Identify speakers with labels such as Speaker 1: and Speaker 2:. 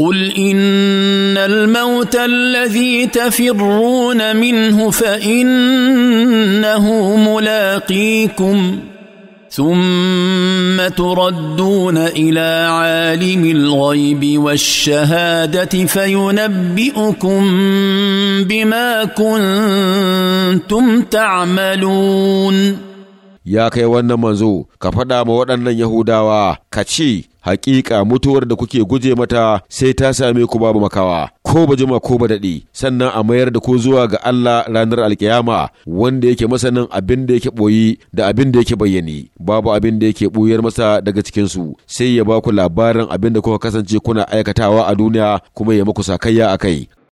Speaker 1: قل ان الموت الذي تفرون منه فانه ملاقيكم ثم تردون الى عالم الغيب والشهاده فينبئكم بما كنتم تعملون
Speaker 2: ya kai wannan manzo ka faɗa ma waɗannan yahudawa ka ce hakika mutuwar da kuke guje mata sai ta same ku babu makawa ko ba jima ko ba daɗi sannan a mayar da ku zuwa ga Allah ranar alkiyama wanda yake masanin abin da yake boyi da abin da yake bayyani babu abin da yake buyar masa daga cikin su sai ya ba ku labarin abin da kuka kasance kuna aikatawa a duniya kuma ya muku sakayya a kai